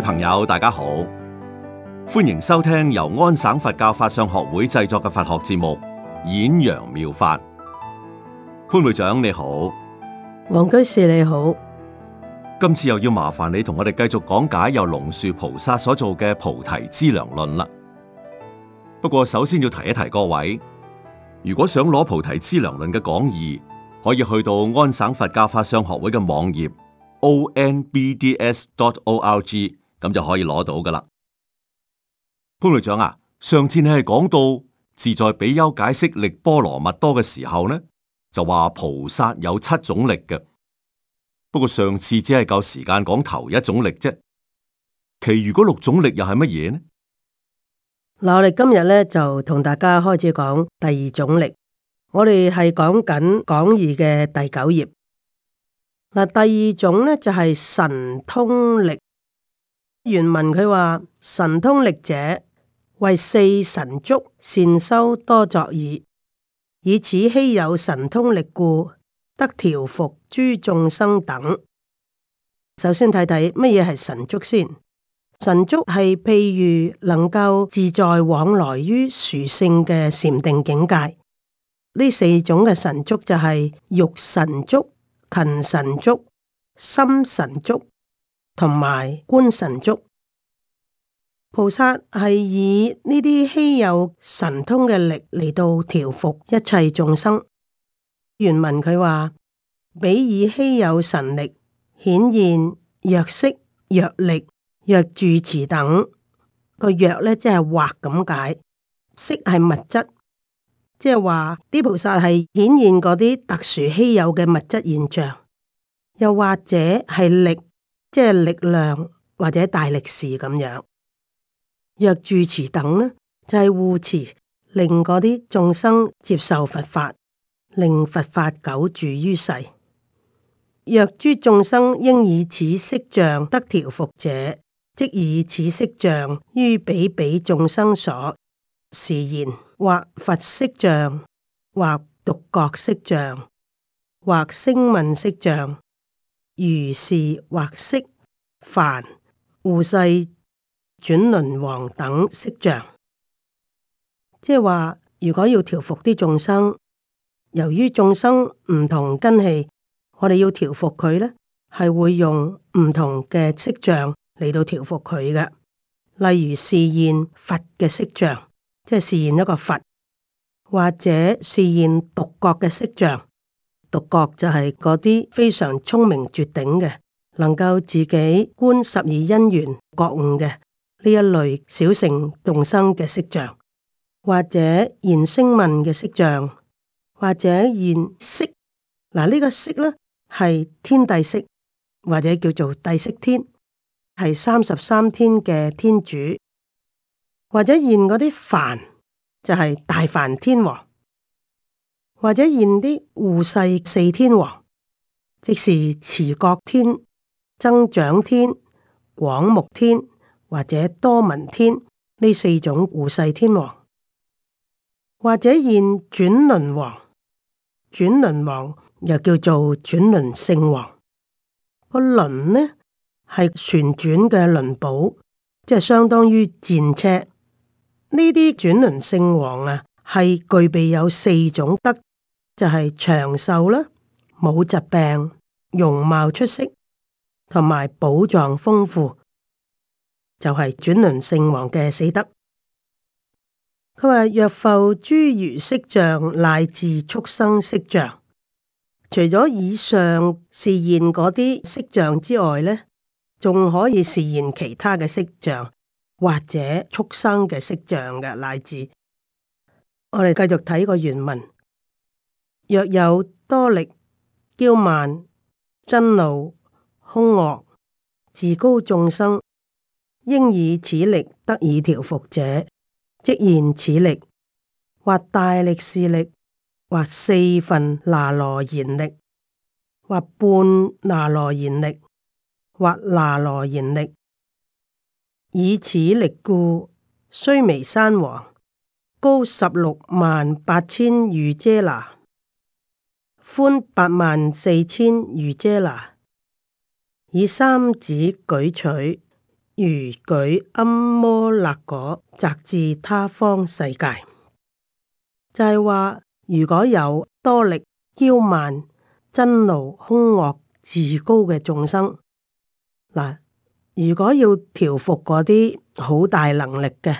朋友，大家好，歡迎收聽由安省佛教法相學會製作嘅佛學節目《演揚妙，妙法》。潘會長你好，黃居士你好，今次又要麻煩你同我哋繼續講解由龍樹菩薩所做嘅《菩提資糧論》啦。不過，首先要提一提各位，如果想攞《菩提資糧論》嘅講義，可以去到安省佛教法相學會嘅網頁 onbds dot org。咁就可以攞到噶啦，潘隊長啊，上次你係講到自在比丘解釋力波羅蜜多嘅時候呢，就話菩薩有七種力嘅，不過上次只係夠時間講頭一種力啫，其餘嗰六種力又係乜嘢呢？嗱，我哋今日咧就同大家開始講第二種力，我哋係講緊講義嘅第九頁，嗱，第二種咧就係神通力。原文佢話，神通力者為四神足善修多作矣，以此稀有神通力故得調伏諸眾生等。首先睇睇乜嘢係神足先，神足係譬如能夠自在往來於殊勝嘅禪定境界。呢四種嘅神足就係欲神足、勤神足、心神足、同埋觀神足，菩薩係以呢啲稀有神通嘅力嚟到調伏一切眾生。原文佢話：比以稀有神力顯現若色，若色若力若住持等，個若咧，即係畫咁解，色係物質，即係話啲菩薩係顯現嗰啲特殊稀有嘅物質現象，又或者係力。即係力量或者大力士咁樣。若住持等呢，就係、是、護持，令嗰啲眾生接受佛法，令佛法久住於世。若諸眾生應以此色像得調伏者，即以此色像於彼彼眾生所示現，或佛色像，或獨覺色像，或聲聞色像。如是或色、凡護世、轉輪王等色像，即係話，如果要調伏啲眾生，由於眾生唔同根器，我哋要調伏佢呢，係會用唔同嘅色像嚟到調伏佢嘅。例如示現佛嘅色像，即係示現一個佛，或者示現獨覺嘅色像。獨覺就係嗰啲非常聰明絕頂嘅，能夠自己觀十二因緣覺悟嘅呢一類小乘眾生嘅色相，或者現聲聞嘅色相，或者現色嗱呢、這個色呢，係天帝釋，或者叫做帝釋天，係三十三天嘅天主，或者現嗰啲梵，就係、是、大梵天王。或者現啲護世四天王，即是持國天、增長天、廣目天或者多聞天呢四種護世天王。或者現轉輪王，轉輪王又叫做轉輪聖王。個輪呢係旋轉嘅輪寶，即係相當於戰車。呢啲轉輪聖王啊，係具備有四種德。就係長壽啦，冇疾病，容貌出色，同埋寶藏豐富，就係、是、轉輪聖王嘅四德。佢話若復諸如色相乃至畜生色相，除咗以上示現嗰啲色相之外呢，仲可以示現其他嘅色相或者畜生嘅色相嘅乃至。我哋繼續睇個原文。若有多力、驕慢、嗔怒、凶惡、自高眾生，應以此力得以調伏者，即現此力，或大力士力，或四分那羅延力，或半那羅延力，或那羅延力，以此力故，須彌山王，高十六萬八千御遮拿。寬八萬四千踰繕那，以三指舉取，如舉庵摩勒果，擲至他方世界。就係、是、話，如果有多力、驕慢、嗔怒、凶惡、自高嘅眾生，嗱，如果要調伏嗰啲好大能力嘅，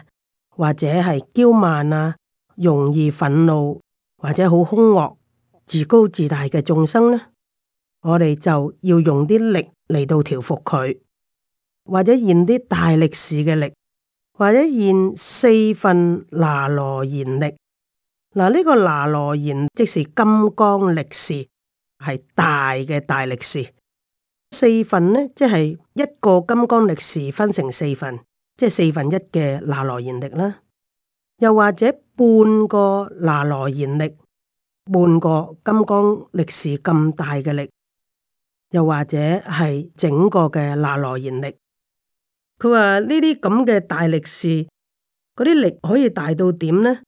或者係驕慢啊，容易憤怒或者好凶惡。自高自大嘅眾生呢，我哋就要用啲力嚟到調服佢，或者現啲大力士嘅力，或者現四份那羅延力。嗱，呢個那羅延即是金剛力士，係大嘅大力士。四份呢，即係一個金剛力士分成四份，即係四分一嘅那羅延力啦，又或者半個那羅延力。半個金剛力士咁大嘅力，又或者係整個嘅那羅延力。佢話呢啲咁嘅大力士，嗰啲力可以大到點呢？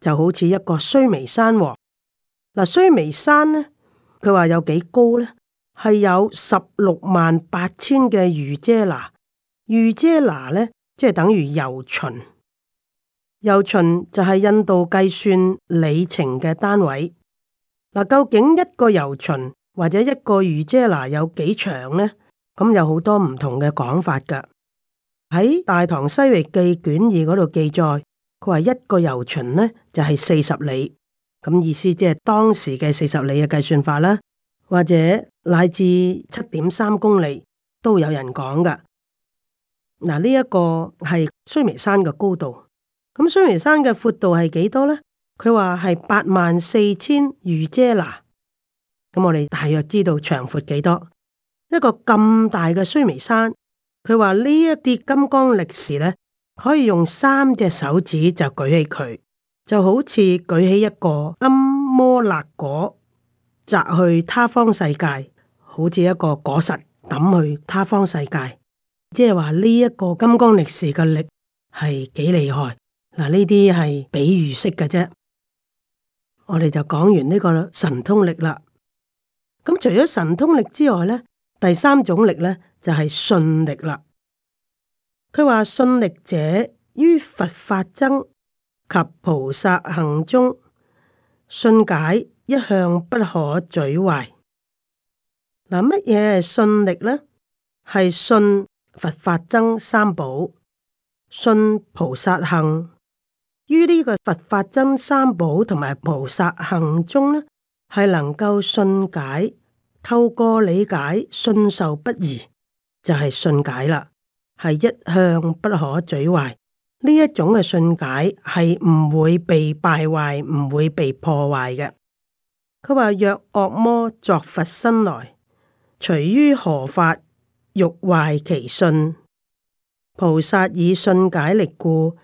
就好似一個須彌山喎、哦。嗱，須彌山呢，佢話有幾高呢？係有十六萬八千嘅余遮拿。余遮拿呢，即係等於由旬。由旬就係印度計算里程嘅單位。嗱，究竟一個由旬或者一個逾繕那嗱有幾長呢？咁、嗯、有好多唔同嘅講法噶。喺《大唐西域記》卷二嗰度記載，佢話一個由旬呢就係四十里，咁意思即係當時嘅四十里嘅計算法啦。或者乃至七點三公里都有人講噶。嗱、嗯，呢、這、一個係須彌山嘅高度，咁須彌山嘅闊度係幾多呢？佢話係八萬四千踰繕那，咁我哋大約知道長闊幾多？一個咁大嘅須彌山，佢話呢一啲金剛力士咧，可以用三隻手指就舉起佢，就好似舉起一個庵摩勒果摘去他方世界，好似一個果實抌去他方世界。即係話呢一個金剛力士嘅力係幾厲害？嗱，呢啲係比喻式嘅啫。我哋就講完呢個神通力啦。咁除咗神通力之外呢，第三種力呢，就係信力啦。佢話信力者於佛法僧及菩薩行中，信解一向不可沮壞。嗱，乜嘢係信力呢？係信佛法僧三寶，信菩薩行。於呢個佛法僧三寶同埋菩薩行中呢，係能夠信解，透過理解信受不疑，就係、是、信解啦，係一向不可沮壞。呢一種嘅信解，係唔會被敗壞，唔會被破壞嘅。佢話若惡魔作佛身來，隨於何法欲壞其信，菩薩以信解力故。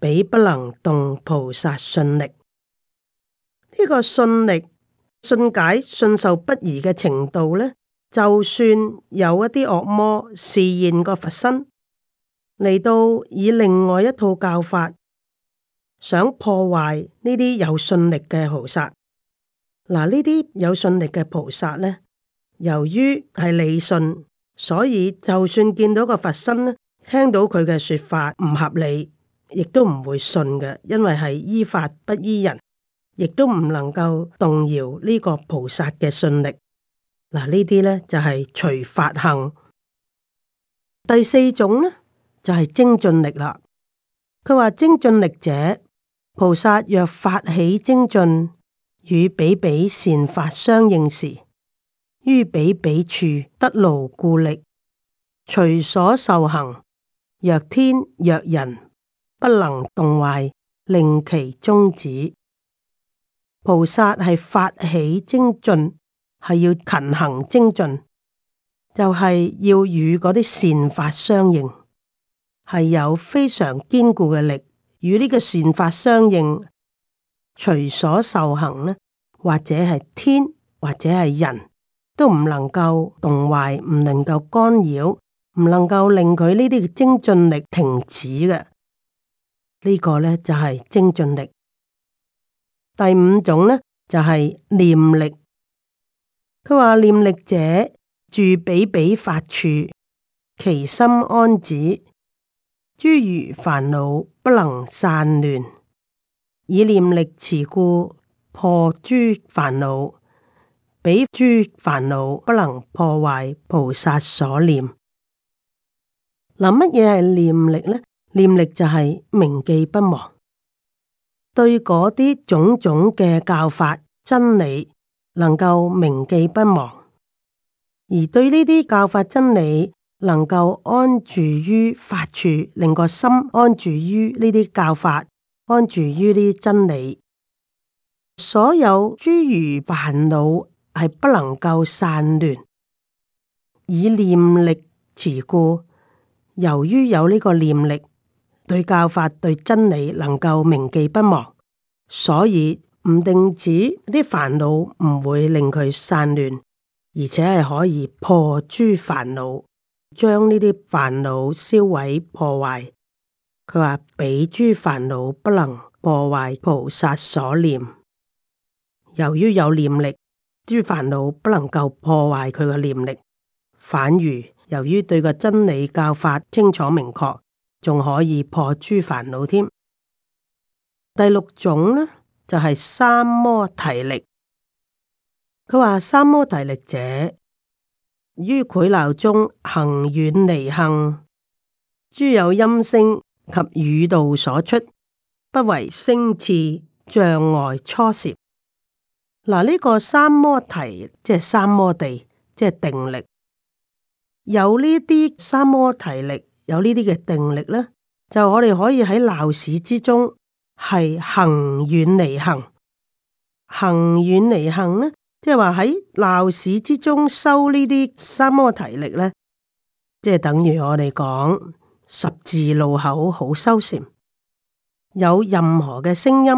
比不能動菩薩信力，呢、這個信力、信解、信受不疑嘅程度呢，就算有一啲惡魔示現個佛身嚟到，以另外一套教法想破壞呢啲有信力嘅菩薩，嗱，呢啲有信力嘅菩薩呢，由於係理信，所以就算見到個佛身咧，聽到佢嘅說法唔合理。亦都唔會信嘅，因為係依法不依人，亦都唔能夠動搖呢個菩薩嘅信力。嗱，呢啲咧就係、是、隨法行。第四種咧就係、是、精進力啦。佢話精進力者，菩薩若發起精進，與比比善法相應時，於比比處得牢固力，隨所受行，若天若人。不能動壞，令其終止。菩薩係發起精進，係要勤行精進，就係、是、要與嗰啲善法相應，係有非常堅固嘅力，與呢個善法相應，隨所受行呢，或者係天，或者係人都唔能夠動壞，唔能夠干擾，唔能夠令佢呢啲精進力停止嘅。呢個呢，就係精進力。第五種呢，就係念力。佢話念力者，住彼彼法處，其心安止，諸餘煩惱不能散亂，以念力持故，破諸煩惱，彼諸煩惱不能破壞菩薩所念。嗱，乜嘢係念力呢？念力就係明記不忘，對嗰啲種種嘅教法真理，能夠明記不忘；而對呢啲教法真理，能夠安住於法處，令個心安住於呢啲教法，安住於呢啲真理。所有諸馀煩惱係不能夠散亂，以念力持故。由於有呢個念力。對教法，對真理能夠明記不忘，所以唔定止啲煩惱唔會令佢散亂，而且係可以破諸煩惱，將呢啲煩惱銷毀破壞。佢話畀諸煩惱不能破壞菩薩所念，由於有念力，諸煩惱不能夠破壞佢個念力。反而由於對個真理教法清楚明確，仲可以破諸煩惱添。第六種呢，就係、是、三摩提力。佢話三摩提力者，於潰鬧中行遠離行，諸有音聲及語道所出，不為聲刺障礙初涉。嗱，呢、這個三摩提即係三摩地，即係定力。有呢啲三摩提力。有呢啲嘅定力咧，就我哋可以喺鬧市之中係行遠離行，行遠離行咧，即係話喺鬧市之中收呢啲三摩提力咧，即係等於我哋講十字路口好修禪，有任何嘅聲音，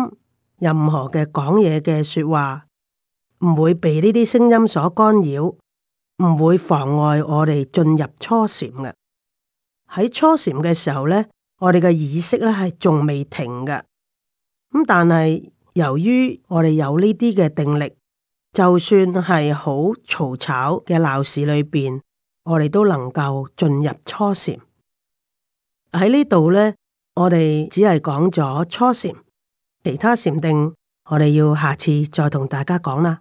任何嘅講嘢嘅說話，唔會被呢啲聲音所干擾，唔會妨礙我哋進入初禪嘅。喺初禪嘅時候呢，我哋嘅意識呢係仲未停嘅。咁但係由於我哋有呢啲嘅定力，就算係好嘈吵嘅鬧市裏邊，我哋都能夠進入初禪。喺呢度呢，我哋只係講咗初禪，其他禪定我哋要下次再同大家講啦。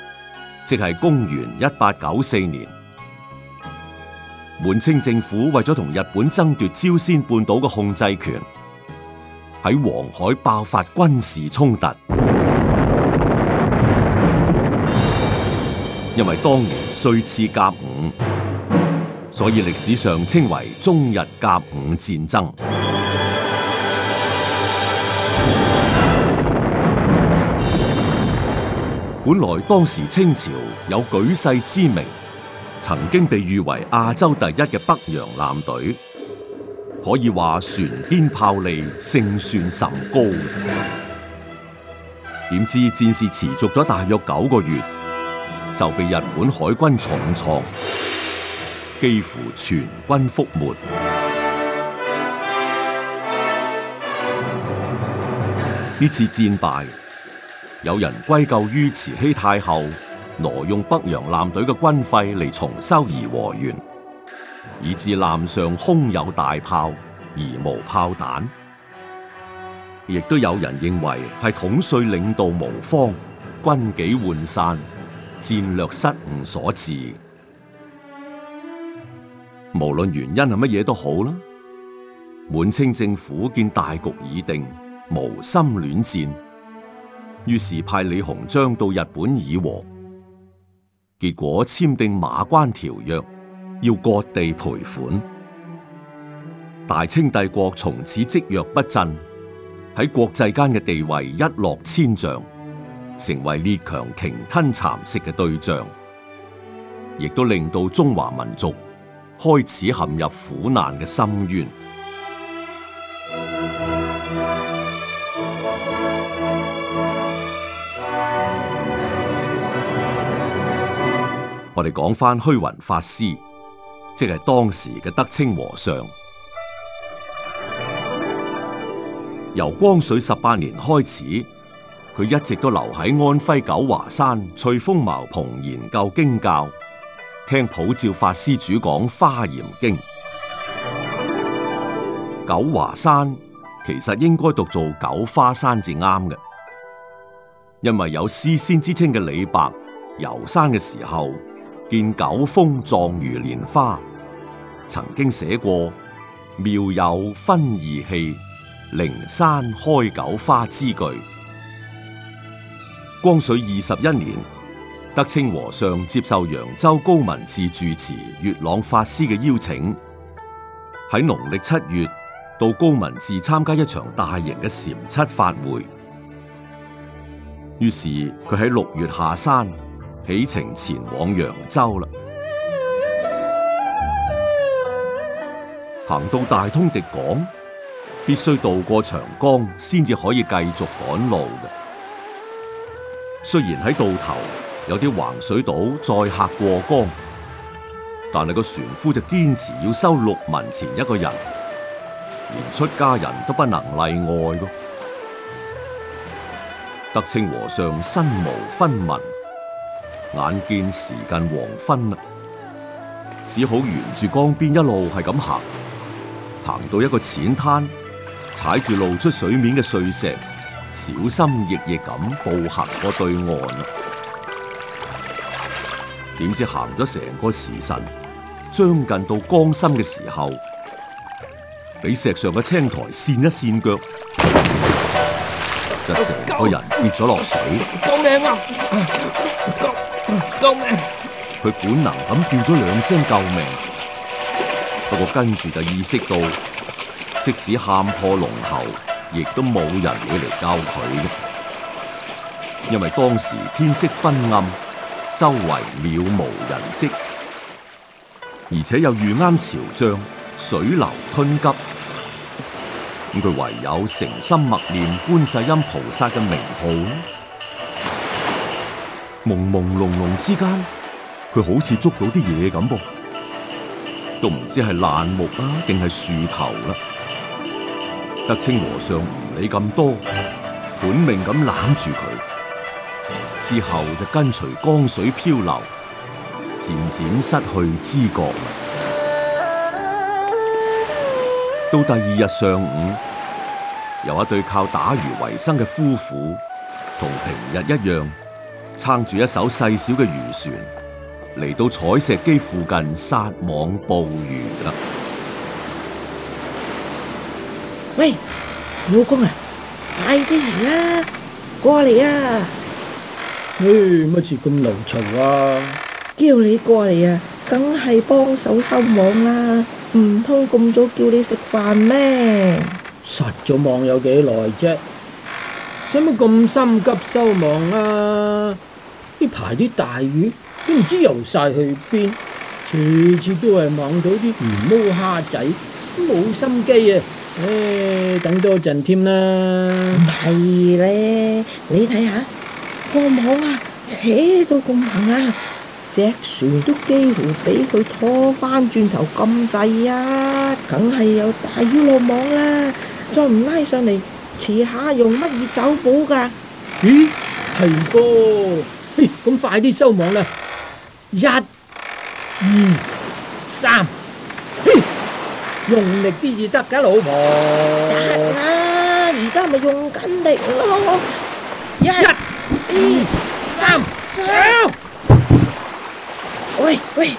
即係公元一八九四年，滿清政府為咗同日本爭奪朝鮮半島嘅控制權，喺黃海爆發軍事衝突。因為當年歲次甲午，所以歷史上稱為中日甲午戰爭。本來當時清朝有舉世知名，曾經被譽為亞洲第一嘅北洋艦隊，可以話船堅炮利，勝算甚高。點知戰事持續咗大約九個月，就被日本海軍重創，幾乎全軍覆沒。呢次戰敗。有人歸咎於慈禧太后挪用北洋艦隊嘅軍費嚟重修頤和園，以致艦上空有大炮而無炮彈；亦都有人認為係統帥領導無方、軍紀渙散、戰略失誤所致。無論原因係乜嘢都好啦，滿清政府見大局已定，無心戀戰。於是派李鴻章到日本議和，結果簽訂馬關條約，要割地賠款，大清帝國從此積弱不振，喺國際間嘅地位一落千丈，成為列強鯨吞蠶食嘅對象，亦都令到中華民族開始陷入苦難嘅深淵。我哋講翻虛雲法師，即係當時嘅德清和尚。由光緒十八年開始，佢一直都留喺安徽九華山翠峰茅蓬研究經教，聽普照法師主講《花嚴經》。九華山其實應該讀做九花山至啱嘅，因為有詩仙之稱嘅李白遊山嘅時候。見九峰狀如蓮花，曾經寫過“妙有分二氣，靈山開九花”之句。光緒二十一年，德清和尚接受揚州高文治住持月朗法師嘅邀請，喺農曆七月到高文治參加一場大型嘅禪七法會。於是佢喺六月下山。起程前往揚州啦，行到大通荻港，必須渡過長江，先至可以繼續趕路嘅。雖然喺渡頭有啲橫水島，載客過江，但係個船夫就堅持要收六文錢一個人，連出家人都不能例外個。德清和尚身無分文。眼見時間黃昏啦，只好沿住江邊一路係咁行，行到一個淺灘，踩住露出水面嘅碎石，小心翼翼咁步行過對岸。點知行咗成個時辰，將近到江心嘅時候，俾石上嘅青苔跣一跣腳，救 就成個人跌咗落水。救命啊！救命！佢本能咁叫咗兩聲救命，不過跟住就意識到，即使喊破喉嚨亦都冇人會嚟救佢嘅。因為當時天色昏暗，周圍渺無人跡，而且又遇啱潮漲，水流湍急，咁佢唯有誠心默念觀世音菩薩嘅名號。朦朦朧朧之間，佢好似捉到啲嘢咁噃，都唔知係爛木啊定係樹頭啦、啊。德清和尚唔理咁多，本命咁攬住佢，之後就跟隨江水漂流，漸漸失去知覺。到第二日上午，有一對靠打魚為生嘅夫婦，同平日一樣，撐住一艘細小嘅漁船，嚟到採石磯附近撒網捕魚啦！喂，老公啊，快啲嚟啦，過嚟啊！嘿，乜事咁流嘈啊！叫你過嚟啊，梗係幫手收網啦，唔通咁早叫你食飯咩？撒咗網有幾耐啫？使乜咁心急收網啊？呢排啲大魚都唔知游晒去邊，次次都係望到啲魚毛蝦仔，冇心機啊！唉、哎，等多陣添啦。唔係咧，你睇下個網啊，扯到咁猛啊，隻船都幾乎俾佢拖翻轉頭咁滯啊！梗係有大魚落網啦！啊，再唔拉上嚟。遲下用乜嘢走寶噶？咦，係噃！嘿，咁快啲收網啦！一、二、三，用力啲至得噶，老婆。得啦，哎，而家咪用緊力咯，哦！一、一二、二三，收三上！喂喂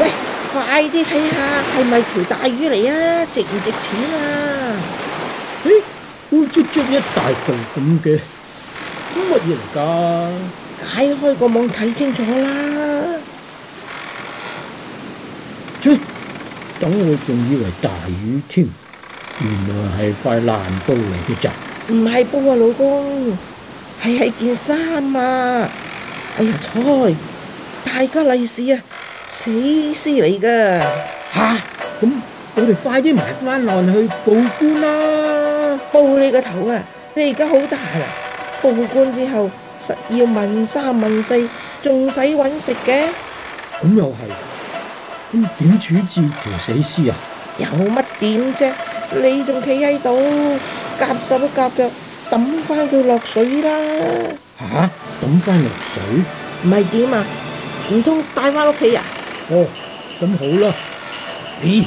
喂，快啲睇下係咪條大魚嚟？啊？值唔值錢啊？烏漆漆一大洞咁嘅，乜嘢嚟噶？解開個網睇清楚啦！噓，等我仲以為大雨添，原來係塊爛布嚟嘅咋？唔係布啊，老公，係係件衫啊！哎呀，菜！大吉利是啊，死屍嚟噶！吓，咁我哋快啲埋翻落去報官啦！報你個頭啊！你而家好得閒啊！報官之後實要問三問四，仲使搵食嘅？咁又係，咁點處置條死屍啊？有乜點啫？你仲企喺度夾手夾腳，抌翻佢落水啦！吓、啊？抌翻落水？唔係點啊？唔通帶翻屋企啊？哦，咁好啦。咦、哎？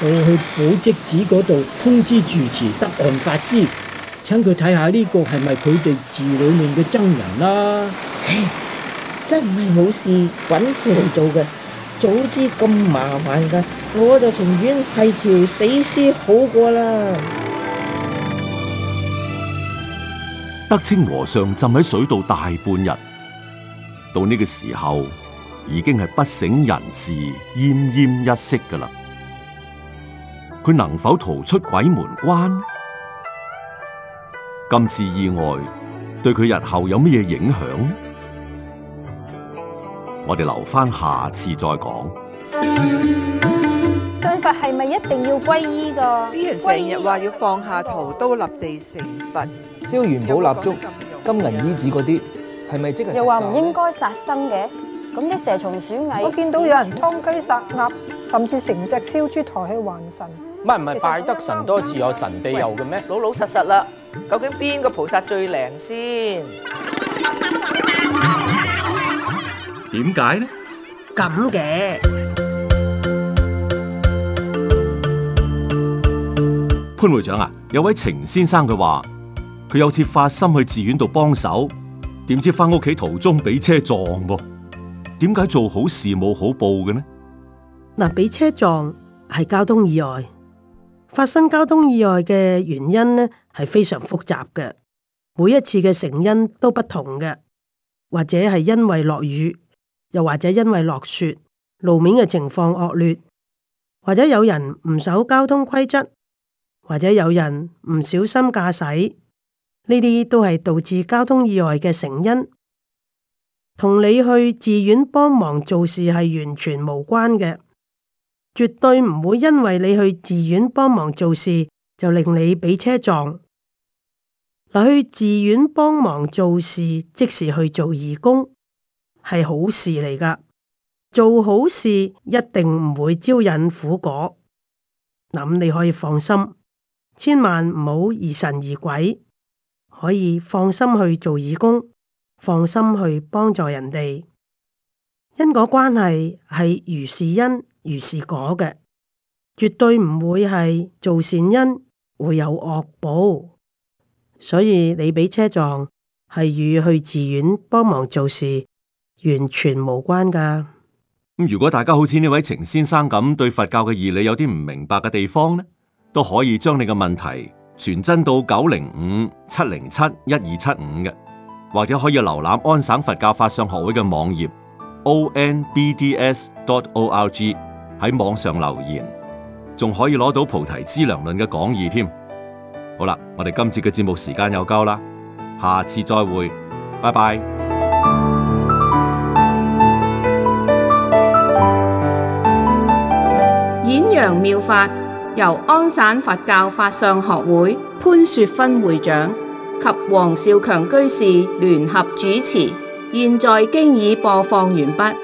我去寶積寺嗰度通知住持德岸法師，請佢睇下呢個係咪佢哋寺裏面嘅僧人啦。唉，真係冇事，搵事嚟做嘅，早知咁麻煩噶，我就寧願係條死屍好過啦。德清和尚浸喺水度大半日，到呢個時候已經係不省人事、奄奄一息噶啦。佢能否逃出鬼門關？今次意外對佢日後有乜嘢影響？我哋留翻下，下次再講。信佛係咪一定要皈依噶？啲人成日話要放下屠刀立地成佛，燒元寶蠟燭、金銀衣紙嗰啲，係咪即係？又話唔應該殺生嘅，咁啲蛇蟲鼠蟻，我見到有人湯雞殺鴨，甚至成隻燒豬抬去還神。乜唔係，拜得神多自有神庇佑嘅咩？老老實實啦，究竟邊個菩薩最靈先？點解呢？咁嘅潘會長啊，有位程先生佢話，佢有次發心去寺院度幫手，點知翻屋企途中俾車撞喎？點解做好事冇好報嘅呢？嗱，俾車撞係交通意外。發生交通意外嘅原因呢，係非常複雜嘅，每一次嘅成因都不同嘅，或者係因為落雨，又或者因為落雪，路面嘅情況惡劣，或者有人唔守交通規則，或者有人唔小心駕駛，呢啲都係導致交通意外嘅成因，同你去寺院幫忙做事係完全無關嘅。絕對唔會因為你去寺院幫忙做事就令你俾車撞。嚟，去寺院幫忙做事，即時去做義工，係好事嚟㗎。做好事一定唔會招引苦果，噉你可以放心，千萬唔好疑神疑鬼，可以放心去做義工，放心去幫助人哋。因果關係係如是因。如是果嘅，絕對唔會係做善因會有惡報，所以你俾車撞係與去寺院幫忙做事完全無關噶。咁如果大家好似呢位程先生咁對佛教嘅義理有啲唔明白嘅地方呢，都可以將你嘅問題傳真到九零五七零七一二七五嘅，或者可以瀏覽安省佛教法相學會嘅網頁 o n b d s dot o r g。喺網上留言，仲可以攞到《菩提資糧論》嘅講義添。好啦，我哋今次嘅節目時間又夠啦，下次再會，拜拜。演揚妙法由安省佛教法相學會潘雪芬會長及黃少強居士聯合主持，現在經已播放完畢。